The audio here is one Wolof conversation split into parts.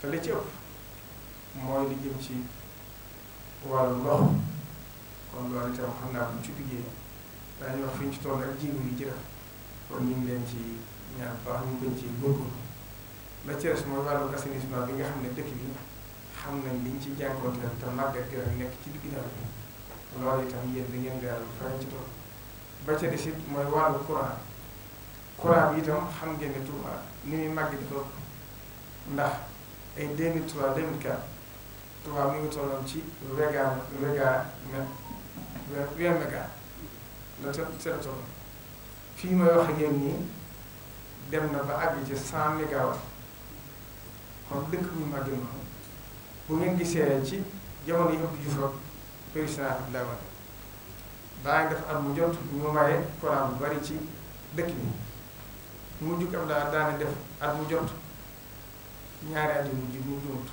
te li ci mooy li jëm ci wàllu ndox kon loolu itam xam naa buñ ci duggee daañu wax fi ñu ci toll ak jiwu yi jërëf kon ñu ngi leen ci ñaan baax ñu gën ci góorgóorlu la ci des mooy wàllu assainissement bi xam ne dëkk bi xam nañ liñ ci jànkuwanteel te màggat gërëm nekk ci digg nawet bi loolu itam yéen da ngeen leeral fañ ci toll ba ca des it mooy wàllu courant courant bi itam xam ngeen ne Touba ni muy di ko ndax. ay 2003 2004 Touba mi ngi tolloon ci méga méga weer méga la te te la tolloon fii may wax ak yéen nii dem na ba àgg ci 100 mégawatt kon dëkk bu ñu màggee noonu bu ngeen gisee ci jamono yi ëpp Diouf ak président Abdoulaye daa ngi def at mu jot ñu maye courant bu bari ci dëkk bi mu jug am daa daane def at mu jot. ñaari at yu mu jumt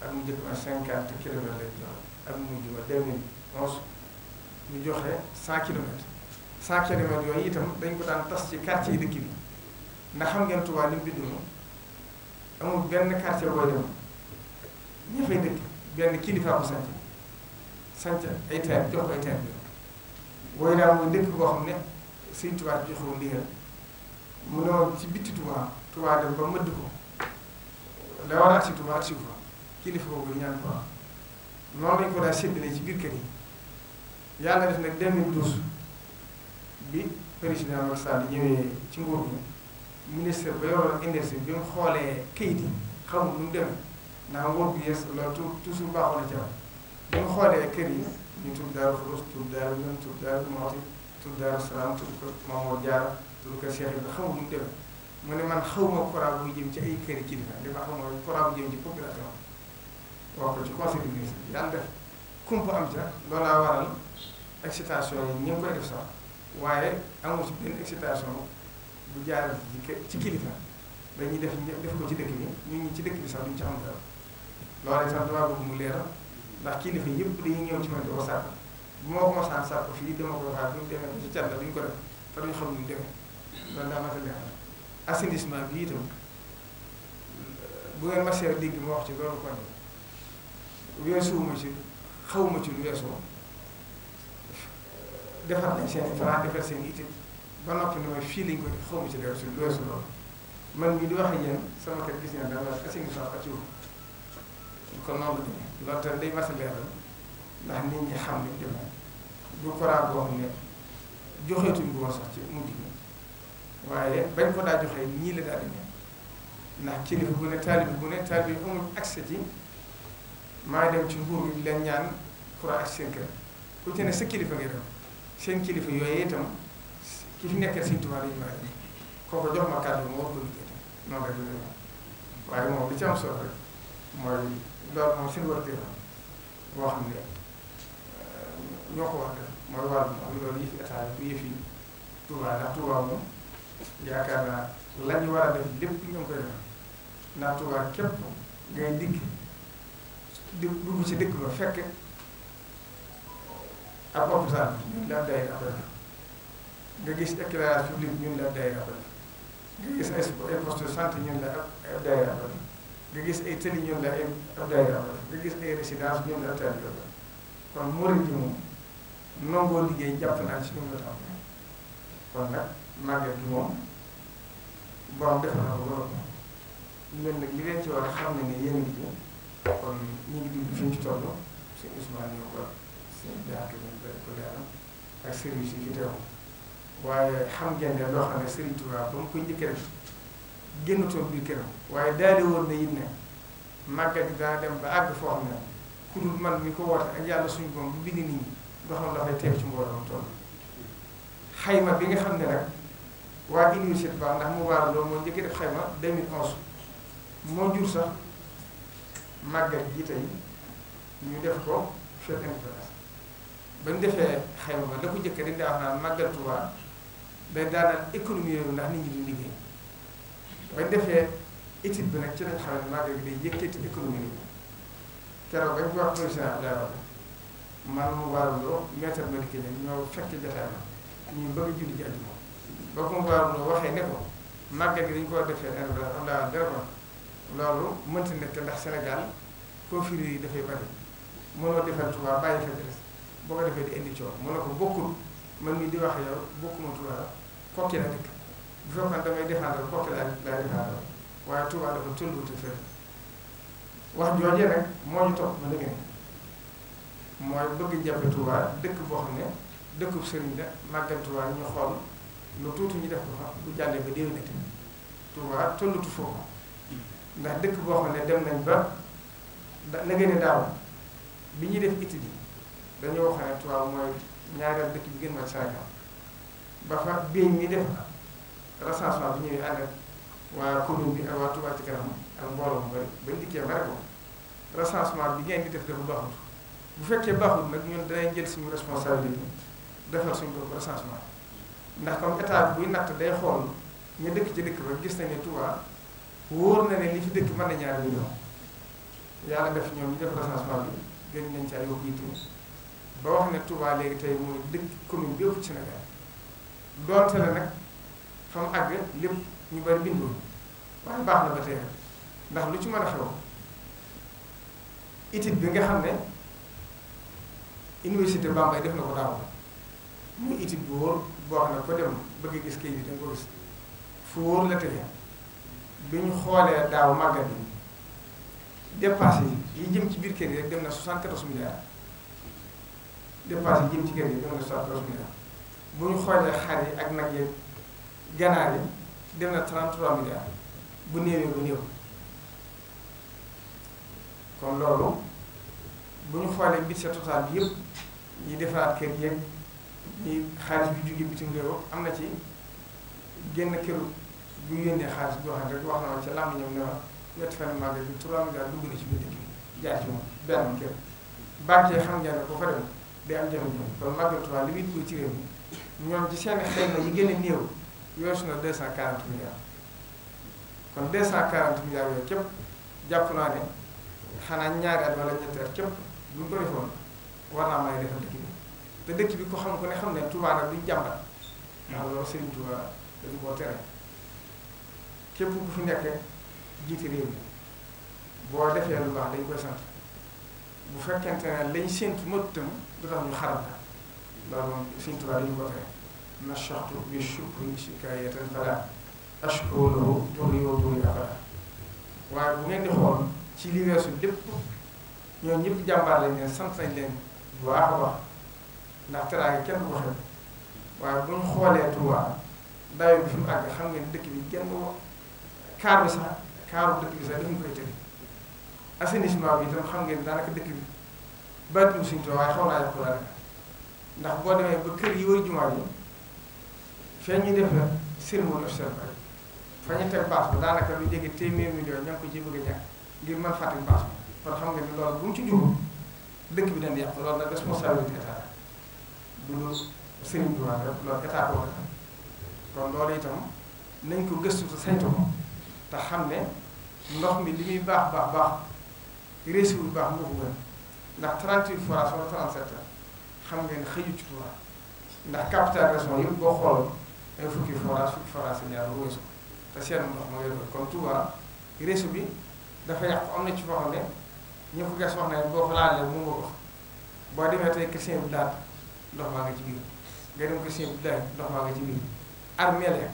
ak mu ma cinquante kilomètres lañ joxe ak mu ma deux mille ñu joxe cent kilomètres cent kilomètres yooyu itam dañ ko daan tas ci quartier yi dëkk bi ndax xam ngeen Tuubaa li mu bindoo amul benn quartier booy dem ña fay dëkk benn kilifa ko sanc sanc ay teen jox ko ay teen bi booy daal mooy dëkk boo xam ne Sëñ Tuubaa joxewul ndigal mu ne woon ci bitti Tuubaa Tuubaa ba mëdd ko la war a agsi Tuubaa agsi fa kilifa boobu ñaan ko am noonu lañ ko daa séddale ci biir kër yi yàlla def nag 2012 bi président Macky Sall ñëwee ci nguur bi ministère ba yoroon industrie bi mu xoolee kayit yi xamul nu mu demee ndax nguur bi yees loolu toujours baaxoo na ci am bi mu xoolee kër yi ñu tur Daaru Xudoos tur Daaru Minam tur Daaru Muxti tur Daaru Salaam tur ko Mamour Diarra tur ko Cheikh Ibrahima xamul nu demee mu ne man xaw ma CORA buy jëm ci ay kër kilifa li ma xam mooy CORA bu jëm ci population wax ko ci conseil du ministre yàlla def kumpa am ca loolaa waral excitation yi ñu ngi koy def sax ci benn excitation bu jaar ci kilifa dañuy def def ko ci dëkk bi ñu ñi ci dëkk bi sax duñ ci xam dara loolu sax damaa bëgg mu leeral ndax kilifa yëpp dañuy ñëw ci man di ko sàkk bu ma ko mosaan sàkk fii dama ko waxaat bu ñu demee ci càll duñ ko def te duñ xam ñu demee loolu daa ma leeral assainissement bi itam bu ngeen masee dégg ma wax ci loolu kon weesuwuma ci xawma ci lu weesoo defar nañ seen plan ba noppi ne ma fii lañ ko def xawma ci lu weesu loolu man mii di wax ak sama kër gis nañ daal assainissement ak ciw kon noonu la loolu tam day mas a leeral ndax nit ñi xam ne dem bu courant boo xam ne joxeetuñ bu ma sax ci mujj waaye bañ ko daa joxee ñii la daa ndax kilifa bu ne taalibi bu ne taalibi amul accès ci maa dem ci nguur leen ñaan pour ak seen kër ku ci ne sa kilifa ngay dem seen kilifa yooyu itam ki fi nekkal Sëriñ Tuubaa dañu waaye kooku jox ma kàddu ma war ko liggéey tam noonu rek la demee waaye moom li ci am solo rek mooy loolu moom seen warte la boo xam ne euh, ko wax loolu yëfi état yëfi Tuubaa ndax Tuubaa moom yaakaar naa lañ war a def lépp ñu ngi def ndax Tuubaa képp ngay dikk di dugg ci dëkk ba fekk ab hôpital ñun la day appel nga gis éclairage public ñun la day appel nga gis ay poste ñun la ab day appel nga gis ay tëli ñun la ab day appel nga gis ay résidence ñun la ab day appel kon murid bi moom nangoo liggéey jàpp naa ci ñun la tam kon nag màggal gi moom borom def na ko lool ñun nag li ngeen ci war a xam ne ni yéen a ngi ci kon ñu ngi dugg fi ñu ci toll sëñ Ousmane ñoo ko sëñ Diakhi ñu bëri ko leeral ak service yi fi teew waaye xam ngeen ne loo xam ne Serigne Touba ba mu ko njëkk rek génnatoo biir këram waaye daal di na it ne màggal gi daa dem ba àgg foo xam ne ku dul man mi ko woote ak yàlla suñu boom bu bind nit ñi doo xam la fay teew ci mbooloo mu toll xayma bi nga xam waa université ba ndax Moubarak Lo moo njëkk def xayma 2011 moo jur sax màggal ji tey ñu def ko fête indépendance ba ñu defee xayma ba la ko daa wax naan màggal Touba ndax nit ñi duñ liggéey ba ñu defee étude bi nag ci lañ xam ne màggal gi day yëkkati économie bi keroog bañ ko wax président Abdoulaye Wade man Moubarak Lo maître Madické ñoo fekk jotaay ma ñu bëgg a julli ji àjjuma ba ko Mbarou waxee ne ko màggal gi dañu ko war a defee en la Dóor loolu mënta ne te ndax Sénégal confréries yi dafay bari mënoo defal Touba bàyyi fa des boo ko defee di indi coow mën na ko bokkul man mii di wax yow bokkuma Touba Koki la dëkk bu fekkoon damay défendre Koki laa laa défendre waaye Touba dafa tëlluwute fër wax joojee nag moo ñu topp ma dëgg ne mooy bëgg jàppe Touba dëkk boo xam ne dëkkub sëriñ la màggal Touba ñu xool. lu tuuti ñu def ko fa bu jàllee ba déwénati Touba tollatu foofu ndax dëkk boo xam ne dem nañ ba da na gën a daaw bi ñuy def étude yi dañoo wax ne Touba mooy ñaareel dëkk bi gën a Sénégal ba fa biñ mi def recensement bi ñuy ànd ak waa commune bi ak waa Touba ci kanam ak mbooloo mu bari bañ dikkee ba rek recensement bi ngeen di def dafa baaxut bu fekkee baaxul nag ñun danañ jël suñu responsabilité defal suñu bopp recensement. ndax comme état buy natt day xool ñu dëkk ci dëkk ba gis na ne Touba wóor na ne li ci dëkk mën na ñaari million yàlla def ñoom ñu def recensement bi gën nañ ci ay yóbbu itam ba wax ne Touba léegi tey mooy dëkk commune bi yëpp ci Sénégal doonte la nag fa àgg lépp ñu bari bindoo waaye baax na ba tey ndax lu ci mën a xew étude bi nga xam ne université Bambey def na ko daaw muy itit bu boo xam ne ko dem bëgg gis kayit bi danga ko gis fu wóor la tege bi ñu xoolee daaw màggal bi dépassé yi jëm ci biir kër yi rek dem na 74 milliards dépassé yi jëm ci kër yi dem na 74 milliards bu ñu xoolee xar yi ak nag yeeg ganaar yi dem na 33 milliards bu néewee bu néew kon loolu bu ñu xoolee budget total bi yëpp ñi defaraat kër yeeg. li xaalis bi jógee bitim réew am na ci génn kër bu yónnee xaalis boo xam wax na ma ca làmb ñoom ne ma ñetti fan màggal bi 3 milliards ci biir dëkk bi jaar ci moom benn kër banque xam ngeen ne boo fa dem day am jafe-jafe kon màggal Tuubaa li muy dugg ci ñoom ci seen xel na yi gën a néew weesu na 240 milliards kon 240 milliards yooyu képp jàpp naa ne xanaa ñaari at wala ñetti at képp bu ñu ko defoon war naa may defal dëkk bi te dëkk bi ko xam ko ne xam ne Touba nag duñ jàmbat ndax hmm. loolu Serigne Touba dañu koo tere képp ku fi nekk jiite réew mi boo defee lu baax dañ koy sant bu fekkente ne lañ séntu mot itam du tax ñu xaram la loolu moom Serigne Touba dañu ko tere na soxtu bi shukri shikayatan waaye bu ngeen di xool ci li weesu lépp ñoo ñëpp jàmbaar lañ leen sant nañ leen bu baax a ndax teraanga kenn du ko xeeb waaye bu ñu xoolee Touba dayoo bi fi mu àgg xam ngeen dëkk bi kenn kaar bi sax kaaru dëkk bi sax dafa koy tëri assainissement bi itam xam ngeen daanaka dëkk bi baatum suñu tool waaye xaw naa yàqu daanaka ndax boo demee ba kër yi wër jumaa yi fee ñu def na cérémonie officielle fa ñu teg baax ba daanaka lu jege téeméer million ña ko ci bëgg a ñàkk ngir mën fàttali baax bi kon xam ngeen ne loolu bu mu ci jublu dëkk bi dañ di yàqu loolu nag responsabilité du Serigne Touba rek loolu état ko kon loolu itam nañ ko gëstu te saytu ko te xam ne ndox mi li muy baax baax baax réussiwul baax moo ko gën ndax 38 forages wala 37 xam ngeen xëyu ci Touba ndax capital région yëpp boo xool ay fukki forage fukki forage yi ñaar wësu te seen ndox ma yëngu kon Touba réseau bi dafa yàqu am na ci foo xam ne ñu ko gas wax ne boo ko laalee mu nga ko boo demee tey question bi ndox maa nga ci biir nga dem ko sëñ bi daal ndox maa nga ci biir armeel ya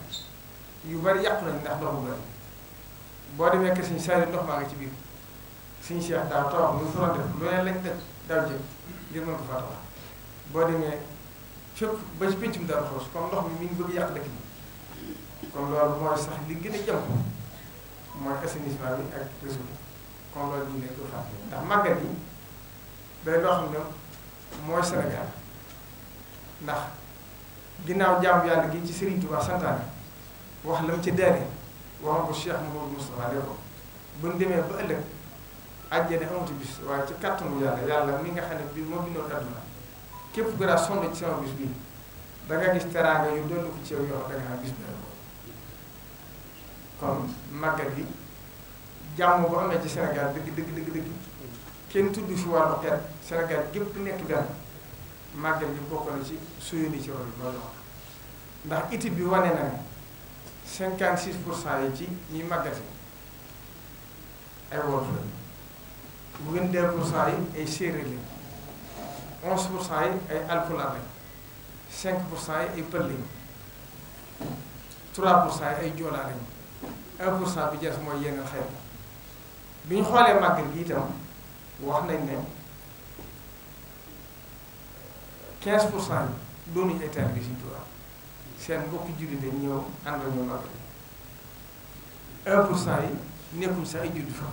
yu bari yàqu nañ ndax ndox bu bari boo demee que suñ saa ndox maa nga ci biir suñ Cheikh daaw tawax muy furoon def lu leen lañ def daaw jëm ngir mën ko faa tawax boo demee fépp ba ci péncum daal xoos comme ndox mi mi ngi bëgg yàq dëkk bi loolu mooy sax li gën a jëm mooy assainissement bi ak réseau bi kon loolu ñu nekk ko fàtte ndax màggat yi day loo xam ne mooy ndax ginnaaw jaamu yàlla gi ci Serigne Touba santaane wax la mu ci deene waxoon ko Cheikh Mouhamadou Moustapha ne ko bu ñu demee ba ëllëg àjjana amatu bis waaye ci kàttanu yàlla yàlla mi nga xam ne bi moo bindoon adduna képp ku daa sonn ci sama bis bii da nga gis teraanga yu doon ko ci yow yoo da xam bis bi kon màggal gi jàmm bu amee ci senegal dëgg dëgg dëgg kenn tudd fi wàllu xeet Sénégal gépp nekk benn màggal bi bokk na ci suñu li ci woon loolu wax ndax étude bi wane na ne cinquante six pour cent yi ci ñi màggal ay wolof la vingt deux pour cent yi ay séeréer la onze pour cent yi ay alpulaar cinq pour cent yi ay pël lañ trois pour cent yi ay joolaa lañ un pour cent bi jeex mooy yeneen xeet bi ñu xoolee màggal gi itam wax nañ ne quinze pour cent yi doonuñu ay taalibe Sëriñ Tuubaa seen mbokku jullit dañ ñëw ànd ak ñoom màggal 1 pour cent yi nekkuñ sax ay jullit fa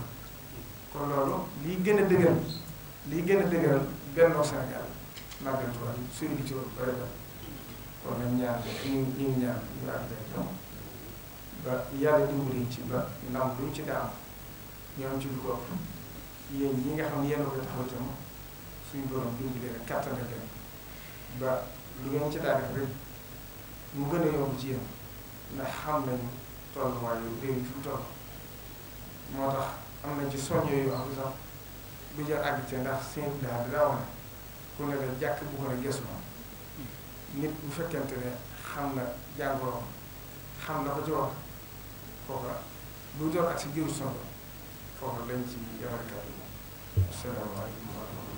kon loolu liy gën a dëgëral lii gën a dëgëral bennoo Sénégal màggal Tuubaa yi suy li ci woon bëri na kon nag ñaar ñu ñu nga xam ne yéen a ko taxaw ba lu ngeen ci daanaka rek mu gën a yomb ci yéen ndax xam nañu tolluwaayu réew yi fi mu toll moo tax am na ci soññoo yu am sax bu jël àgg ci ndax seen bu nit bu fekkente ne xam na jàngoroom xam na ko ci wax foofa lu lañ ci yore yi asalaamaaleykum wa rahmatulah